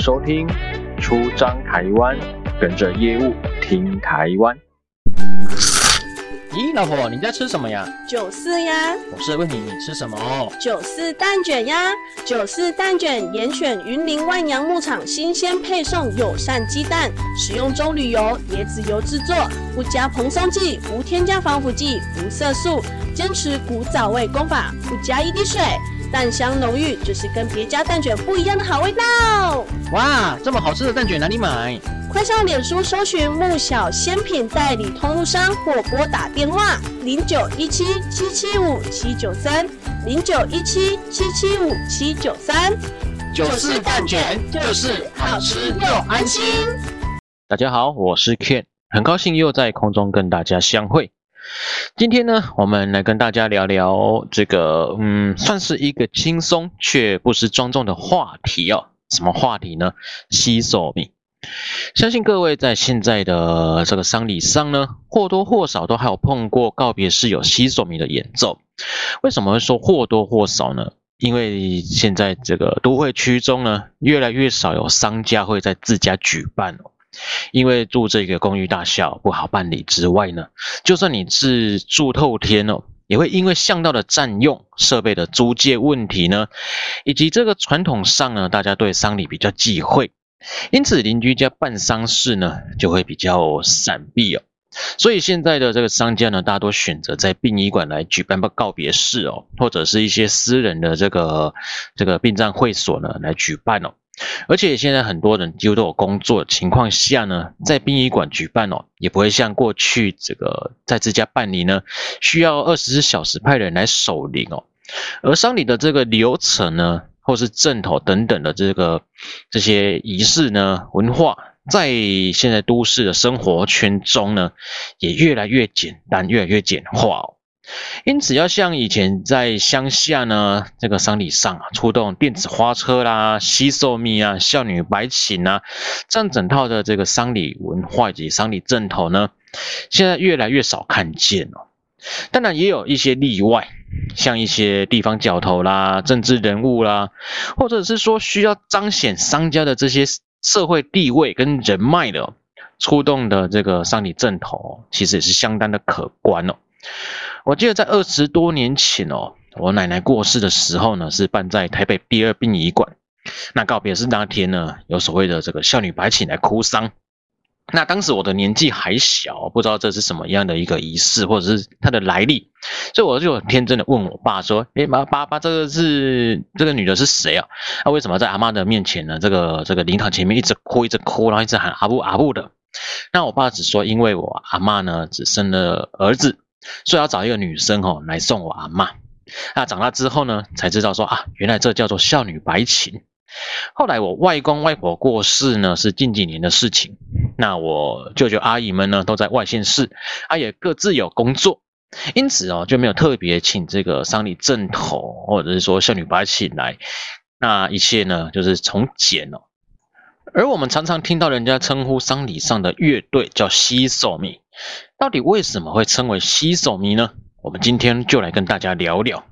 收聽出張台灣，跟着業務聽台灣。咦，老婆，你在吃什麼呀？九四呀。我是問你，你吃什麼哦？九四蛋捲呀。九四蛋捲嚴選雲林萬陽牧場新鮮配送友善雞蛋，使用棕櫚油、椰子油製作，不加膨鬆劑，無添加防腐劑，無色素，堅持古早味工法，不加一滴水。蛋香濃郁，就是跟別家蛋卷不一樣的好味道。哇，這麼好吃的蛋卷哪裡買？快上臉書搜尋幕曉鮮品代理通路商，或撥打電話零九一七七七五七九三零九一七七七五七九三。九四蛋捲就是好吃又安心，安心。大家好，我是 Ken，很高興又在空中跟大家相會。今天呢，我們來跟大家聊聊這個，嗯，算是一個輕鬆卻不失莊重的話題哦。什麼話題呢？西索米。相信各位在現在的這個喪禮上呢，或多或少都還有碰過告別式有西索米的演奏。為什麼會說或多或少呢？因為現在這個都會區中呢，越來越少有喪家會在自家舉辦哦。因為住這個公寓大廈不好辦理之外呢，就算你是住透天哦，也會因為巷道的佔用、設備的租借問題呢，以及這個傳統上呢，大家對喪禮比較忌諱，因此鄰居家辦喪事呢，就會比較閃避哦。所以現在的這個喪家呢，大多選擇在殯儀館來舉辦個告別式哦，或者是一些私人的這個這個殯葬會所呢來舉辦哦。而且現在很多人幾乎都有工作的情況下呢，在殯儀館舉辦哦，也不會像過去這個在自家辦理呢，需要二十四小時派的人來守靈哦。而喪禮的這個流程呢，或是陣頭等等的這個這些儀式呢，文化在現在都市的生活圈中呢，也越來越簡單，越來越簡化哦。因此，要像以前在鄉下呢，這個喪禮上、啊、出動電子花車啦、西索米啊、孝女白琴啊，這樣整套的這個喪禮文化以及喪禮陣頭呢，現在越來越少看見了、哦。當然，也有一些例外，像一些地方角頭啦、政治人物啦，或者是說需要彰顯商家的這些社會地位跟人脈的、哦，出動的這個喪禮陣頭、哦，其實也是相當的可觀哦。我記得在二十多年前哦，我奶奶過世的時候呢，是辦在台北第二殯儀館。那告別式那天呢，有所謂的這個孝女白琴來哭喪。那當時我的年紀還小，不知道這是什麼樣的一個儀式，或者是它的來歷，所以我就天真的問我爸說：“哎、欸、媽，爸爸，爸，爸這個是這個女的是誰啊？那、啊、為什麼在阿媽的面前呢？這個這個靈堂前面一直哭，一直哭，然後一直喊阿布阿布的？”那我爸只說：“因為我阿媽呢，只生了兒子。”所以要找一個女生哦，來送我阿嬤。那長大之後呢，才知道說，啊，原來這叫做孝女白琴。後來我外公外婆過世呢，是近幾年的事情。那我舅舅阿姨們呢，都在外縣市，啊、也各自有工作，因此哦，就沒有特別請這個喪禮陣頭或者是說孝女白琴來。那一切呢，就是從簡哦。而我們常常聽到人家稱呼喪禮上的樂隊叫西索米。到底為什麼會稱為西索米」呢？我們今天就來跟大家聊聊。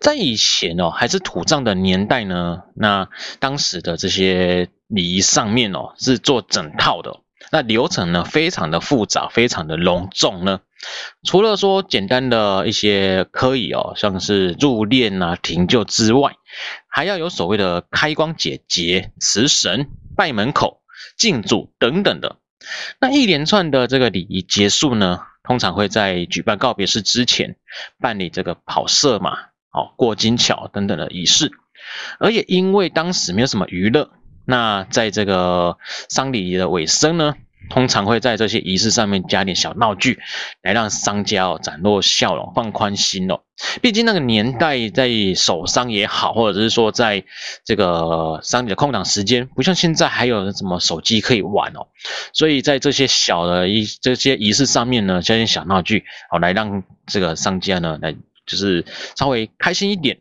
在以前哦，還是土葬的年代呢，那當時的這些禮儀上面哦，是做整套的，那流程呢，非常的複雜，非常的隆重呢。除了說簡單的一些科儀哦，像是入殮啊、停柩之外，還要有所謂的開光姐姐、解結、辭神、拜門口、敬祖等等的。那一連串的這個禮儀結束呢，通常會在舉辦告別式之前辦理這個跑赦馬，哦、過金橋等等的儀式，而也因為當時沒有什麼娛樂，那在這個喪禮的尾聲呢。通常會在這些儀式上面加點小鬧劇，來讓喪家哦展露笑容，放寬心哦。畢竟那個年代，在守喪也好，或者是說在這個喪禮的空檔時間，不像現在還有什麼手機可以玩哦。所以在這些小的儀，這些儀式上面呢，加點小鬧劇哦，來讓這個喪家呢來就是稍微開心一點。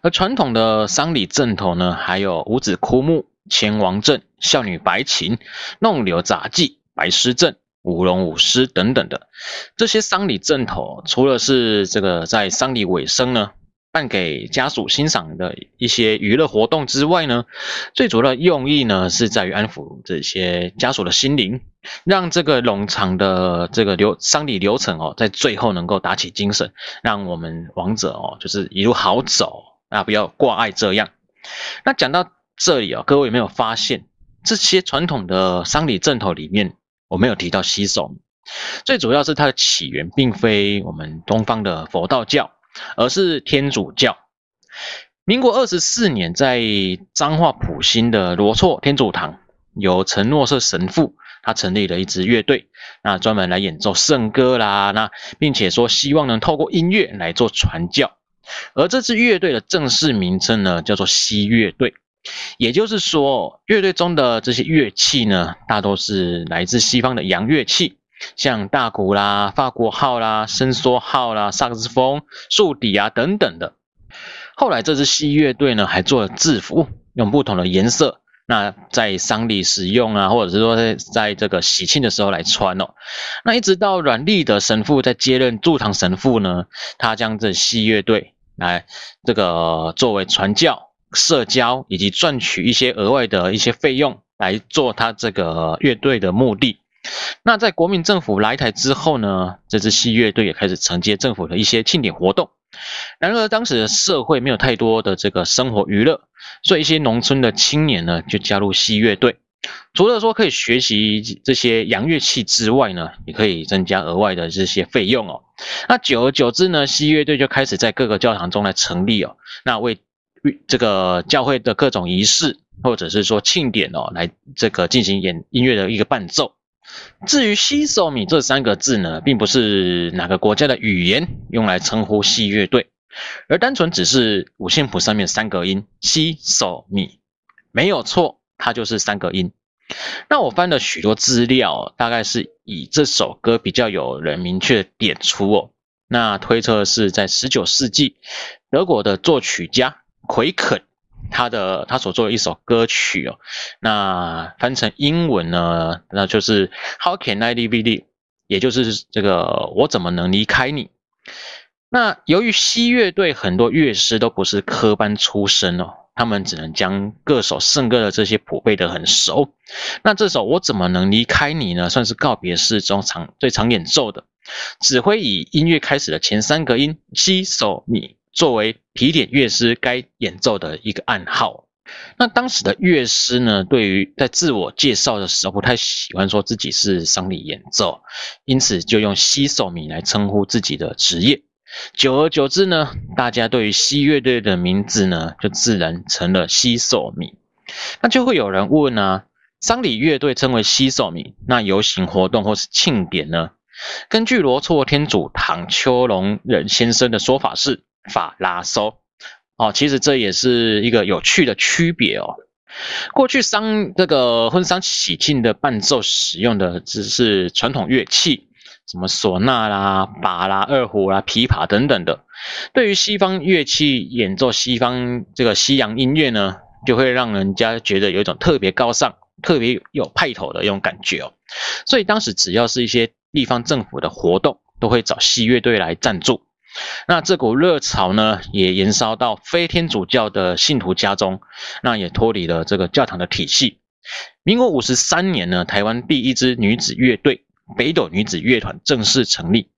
而傳統的喪禮陣頭呢，還有五子哭墓。牽亡陣、孝女白琴、弄流雜技、白獅陣、舞龍舞獅等等的這些喪禮陣頭，除了是這個在喪禮尾聲呢，辦給家屬欣賞的一些娛樂活動之外呢，最主要的用意呢，是在於安撫這些家屬的心靈，讓這個冗長的這個流喪禮流程哦，在最後能夠打起精神，讓我們亡者哦，就是一路好走啊，不要掛礙這樣。那講到。這裡啊、哦，各位有沒有發現，這些傳統的喪禮陣頭裡面，我沒有提到洗手。最主要是它的起源並非我們東方的佛道教，而是天主教。民國二十四年，在彰化埔心的羅厝天主堂，由陳諾瑟神父，他成立了一支樂隊，那專門來演奏聖歌啦，那並且說希望能透過音樂來做傳教。而這支樂隊的正式名稱呢，叫做西樂隊。也就是說，樂隊中的這些樂器呢，大多是來自西方的洋樂器，像大鼓啦、法國號啦、伸縮號啦、薩克斯風、豎笛啊等等的。後來這支西樂隊呢，還做了制服，用不同的顏色，那在喪禮使用啊，或者是說在在這個喜慶的時候來穿哦。那一直到阮立德神父在接任駐堂神父呢，他將這西樂隊來這個作為傳教。社交以及賺取一些額外的一些費用來做他這個樂隊的目的。那在國民政府來台之後呢，這支西樂隊也開始承接政府的一些慶典活動。然而，當時的社會沒有太多的這個生活娛樂，所以一些農村的青年呢，就加入西樂隊。除了說可以學習這些洋樂器之外呢，也可以增加額外的這些費用哦。那久而久之呢，西樂隊就開始在各個教堂中來成立哦。那為這個教會的各種儀式，或者是說慶典哦，來這個進行演音樂的一個伴奏。至於 C、So、m 這三個字呢，並不是哪個國家的語言用來稱呼戲樂隊，而單純只是五線譜上面三個音 C、So、m 沒有錯，它就是三個音。那我翻了許多資料，大概是以這首歌比較有人明確的點出哦，那推測是在十九世紀德國的作曲家。奎肯，他的他所做的一首歌曲哦，那翻成英文呢，那就是 How can I leave you？也就是這個我怎麼能離開你？那由於西樂隊很多樂師都不是科班出身哦，他們只能將各首聖歌的這些譜背得很熟。那這首我怎麼能離開你呢？算是告別式中常最常演奏的。指揮以音樂開始的前三個音：西、索、米。作為提點樂師該演奏的一個暗號，那當時的樂師呢，對於在自我介紹的時候不太喜歡說自己是喪禮演奏，因此就用西索米來稱呼自己的職業。久而久之呢，大家對於西樂隊的名字呢，就自然成了西索米。那就會有人問呢、啊，喪禮樂隊稱為西索米，那遊行活動或是慶典呢？根據羅厝天主堂邱隆仁先生的說法是，法拉索，哦，其實這也是一個有趣的區別哦。過去商這個婚喪喜慶的伴奏使用的只是傳統樂器，什麼嗩吶啦、巴啦、二胡啦、琵琶等等的。對於西方樂器演奏西方這個西洋音樂呢，就會讓人家覺得有一種特別高尚、特別有派頭的一種感覺哦。所以當時只要是一些地方政府的活動，都會找西樂隊來贊助。那這股熱潮呢，也延燒到非天主教的信徒家中，那也脫離了這個教堂的體系。民國五十三年呢，台灣第一支女子樂隊——北斗女子樂團正式成立，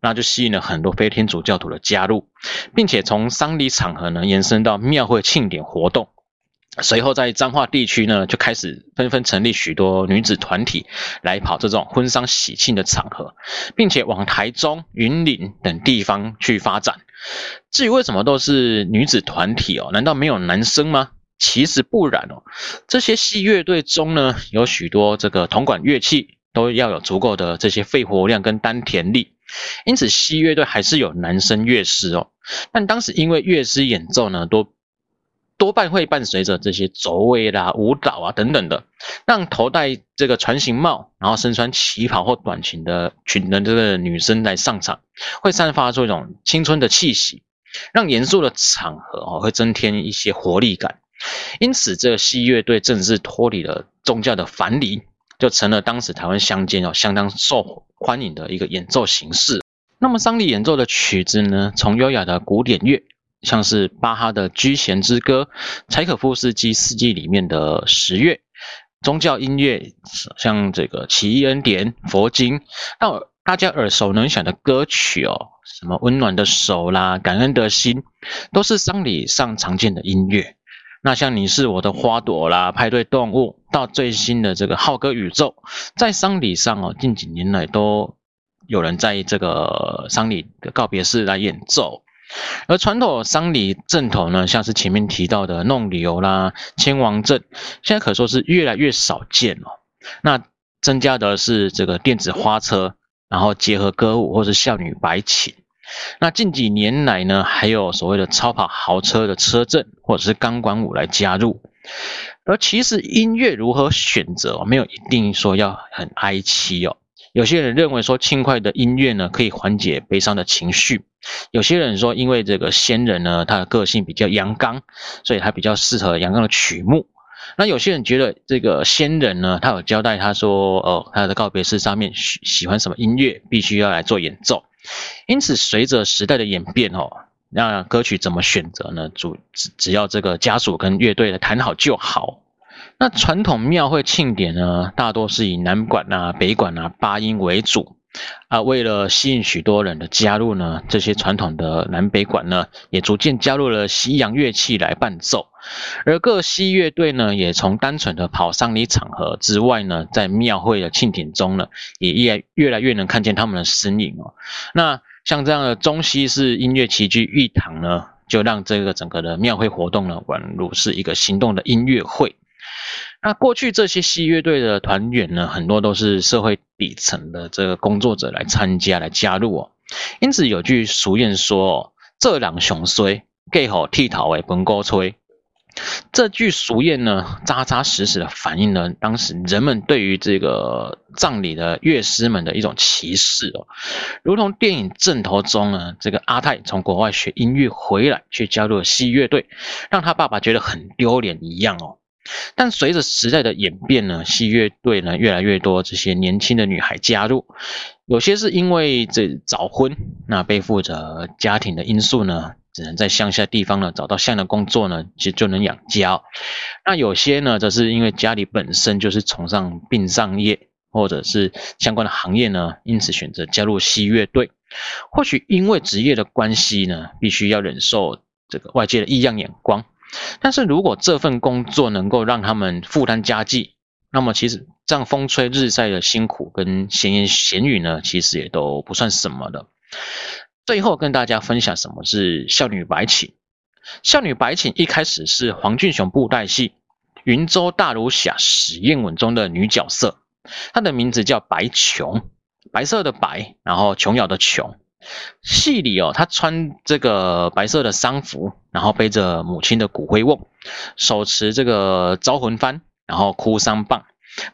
那就吸引了很多非天主教徒的加入，並且從喪禮場合呢，延伸到廟會慶典活動。隨後，在彰化地區呢，就開始紛紛成立許多女子團體，來跑這種婚喪喜慶的場合，並且往台中、雲林等地方去發展。至於為什麼都是女子團體哦？難道沒有男生嗎？其實不然哦，這些西樂隊中呢，有許多這個銅管樂器都要有足夠的這些肺活量跟丹田力，因此西樂隊還是有男生樂師哦。但當時因為樂師演奏呢，都多半會伴隨着這些走位啦、舞蹈啊等等的，讓頭戴這個船形帽，然後身穿旗袍或短裙的裙的這個女生來上場，會散發出一種青春的氣息，讓嚴肅的場合哦會增添一些活力感。因此，這個西樂隊正式脫離了宗教的藩籬，就成了當時台灣鄉間哦相當受歡迎的一個演奏形式。那麼，喪禮演奏的曲子呢，從優雅的古典樂。像是巴哈的《G 弦之歌》，柴可夫斯基《四季》裡面的十月，宗教音樂像這個《奇異恩典》《佛經》，到大家耳熟能詳的歌曲哦，什麼溫暖的手啦、感恩的心，都是喪禮上常見的音樂。那像你是我的花朵啦、派對動物，到最新的這個浩歌宇宙，在喪禮上哦，近幾年來都有人在這個喪禮的告別式來演奏。而傳統喪禮陣頭呢，像是前面提到的弄流啦、牽亡陣，現在可說是越來越少見哦。那增加的是這個電子花車，然後結合歌舞或是孝女白琴。那近幾年來呢，還有所謂的超跑豪車的車陣，或者是鋼管舞來加入。而其實音樂如何選擇，沒有一定說要很哀戚哦。有些人認為說輕快的音樂呢，可以緩解悲傷的情緒，有些人說因為這個先人呢，他的個性比較陽剛，所以他比較適合陽剛的曲目。那有些人覺得這個先人呢，他有交代他說，呃、哦、他的告別式上面喜喜歡什麼音樂，必須要來做演奏。因此隨着時代的演變哦，那歌曲怎麼選擇呢？只只要這個家屬跟樂隊談好就好。那傳統廟會慶典呢，大多是以南管啊、北管啊、八音為主啊。為了吸引許多人的加入呢，這些傳統的南北管呢，也逐漸加入了西洋樂器來伴奏。而各西樂隊呢，也從單純的跑喪禮場合之外呢，在廟會的慶典中呢，也越來越來越能看見他們的身影哦。那像這樣的中西式音樂齊聚一堂呢，就讓這個整個的廟會活動呢，宛如是一個行動的音樂會。那過去這些西樂隊的團員呢，很多都是社會底層的這個工作者來參加、來加入哦。因此有句俗諺說：“哦，這兩雄雖蓋好剃頭，誒甭高吹。”這句俗諺呢，扎扎實實的反映了當時人們對於這個葬禮的樂師們的一種歧視哦。如同電影《陣頭》中呢，這個阿泰從國外學音樂回來，卻加入了西樂隊，讓他爸爸覺得很丟臉一樣哦。但隨着時代的演變呢，西樂隊呢越來越多這些年輕的女孩加入，有些是因為這早婚，那背負着家庭的因素呢，只能在鄉下地方呢找到相應的工作呢，就就能養家，哦。那有些呢，則是因為家裡本身就是崇尚殯葬業或者是相關的行業呢，因此選擇加入西樂隊。或許因為職業的關係呢，必須要忍受這個外界的異樣眼光。但是如果這份工作能夠讓他們負擔家計，那麼其實這樣風吹日曬的辛苦跟閒言閒語呢，其實也都不算什麼的。最後跟大家分享什麼是孝女白琴。孝女白琴一開始是黃俊雄布袋戲《雲州大儒俠》史豔文中的女角色，她的名字叫白瓊，白色的白，然後瓊瑤的瓊。戲裡哦，他穿這個白色的喪服，然後背着母親的骨灰甕，手持這個招魂幡，然後哭喪棒，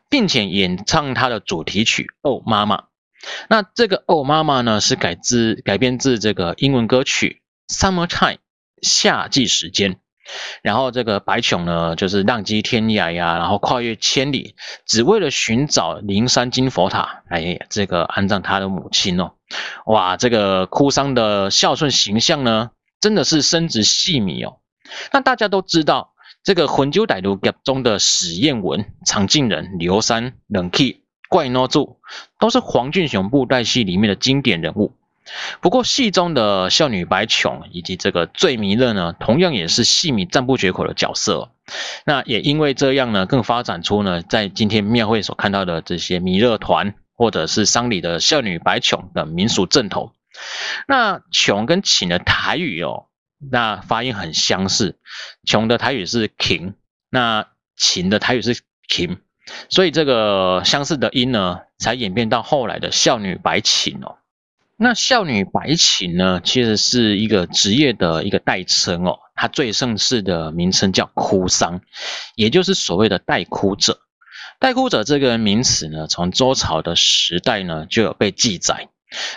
並且演唱他的主題曲《哦媽媽》。那這個《哦媽媽》呢，是改自改編自這個英文歌曲《s u m m e r t i m e 夏季時間）。然後這個白瓊呢，就是浪跡天涯呀、啊，然後跨越千里，只為了尋找靈山金佛塔，哎呀，這個安葬他的母親哦。哇，這個哭喪的孝順形象呢，真的是深植戲迷哦。那大家都知道，這個《魂九歹徒》中的史艷文、藏鏡人、劉三、冷氣、怪孬柱，都是黃俊雄布袋戲裡面的經典人物。不過，戲中的孝女白琴以及這個醉彌勒呢，同樣也是戲迷讚不絕口的角色。那也因為這樣呢，更發展出呢，在今天廟會所看到的這些彌勒團。或者是喪禮的孝女白瓊的民俗陣頭，那瓊跟琴的台語哦，那發音很相似，瓊的台語是 king，那琴的台語是 kim，所以這個相似的音呢，才演變到後來的孝女白琴哦。那孝女白琴呢，其實是一個職業的一個代稱哦，它最正式的名稱叫哭喪，也就是所謂的代哭者。代哭者這個名詞呢，從周朝的時代呢就有被記載，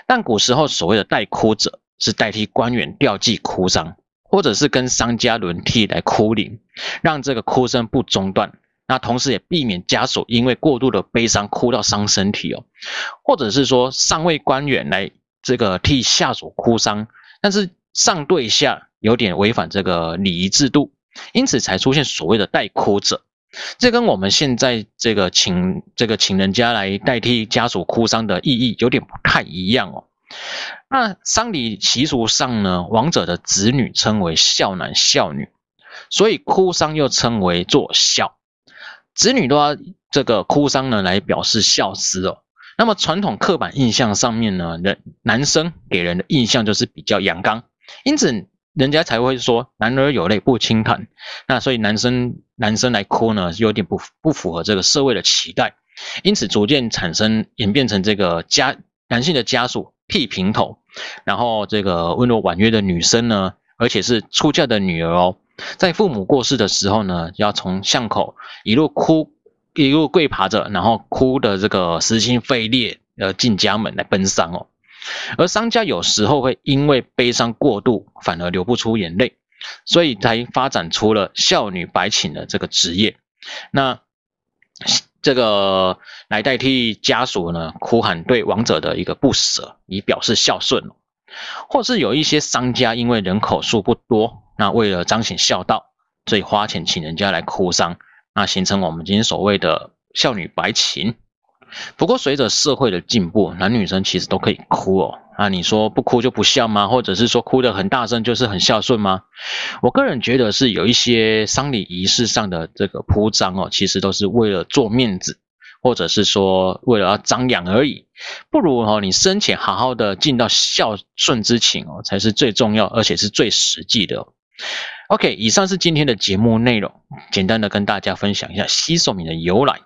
但古時候所謂的代哭者是代替官員吊祭哭喪，或者是跟商家輪替來哭靈，讓這個哭聲不中斷。那同時也避免家屬因為過度的悲傷哭到傷身體哦，或者是說上位官員來這個替下屬哭喪，但是上對下有點違反這個禮儀制度，因此才出現所謂的代哭者。這跟我們現在這個請這個請人家來代替家屬哭喪的意義有點不太一樣哦。那喪禮習俗上呢，亡者的子女稱為孝男孝女，所以哭喪又稱為做孝。子女都要這個哭喪呢，來表示孝思哦。那麼傳統刻板印象上面呢，男男生給人的印象就是比較陽剛，因此。人家才會說男兒有淚不輕彈，那所以男生男生來哭呢，有點不不符合這個社會的期待，因此逐漸產生演變成這個家男性的家屬剃平頭，然後這個溫柔婉約的女生呢，而且是出嫁的女兒哦，在父母過世的時候呢，要從巷口一路哭一路跪爬着，然後哭的這個撕心裂肺，要、呃、進家門來奔喪哦。而喪家有時候會因為悲傷過度，反而流不出眼淚，所以才發展出了孝女白琴的這個職業。那這個來代替家屬呢，哭喊對亡者的一個不捨，以表示孝順。或是有一些喪家因為人口數不多，那為了彰顯孝道，所以花錢請人家來哭喪，那形成我們今天所謂的孝女白琴。不過，隨着社會的進步，男女生其實都可以哭哦。啊，你說不哭就不孝嗎？或者是說哭得很大聲就是很孝順嗎？我個人覺得是有一些喪禮儀式上的這個鋪張哦，其實都是為了做面子，或者是說為了要張揚而已。不如哦，你生前好好的盡到孝順之情哦，才是最重要，而且是最實際的哦。OK，以上是今天的節目內容，簡單的跟大家分享一下西索米的由來。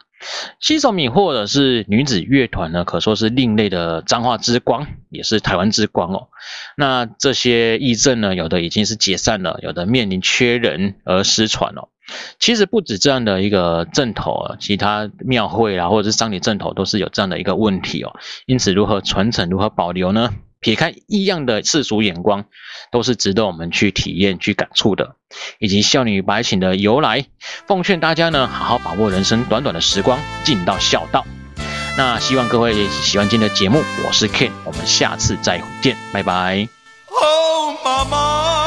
西索米或者是女子樂團呢，可說是另類的彰化之光，也是台灣之光哦。那這些藝陣呢，有的已經是解散了，有的面臨缺人而失傳了哦。其實不止這樣的一個陣頭，其他廟會啊，或者是鄉里陣頭都是有這樣的一個問題哦。因此，如何傳承，如何保留呢？撇開異樣的世俗眼光，都是值得我們去體驗、去感觸的，以及孝女白琴的由來。奉勸大家呢，好好把握人生短短的時光，盡到孝道。那希望各位也喜歡今天的節目，我是 Ken，我們下次再會見，拜拜。Oh, Mama.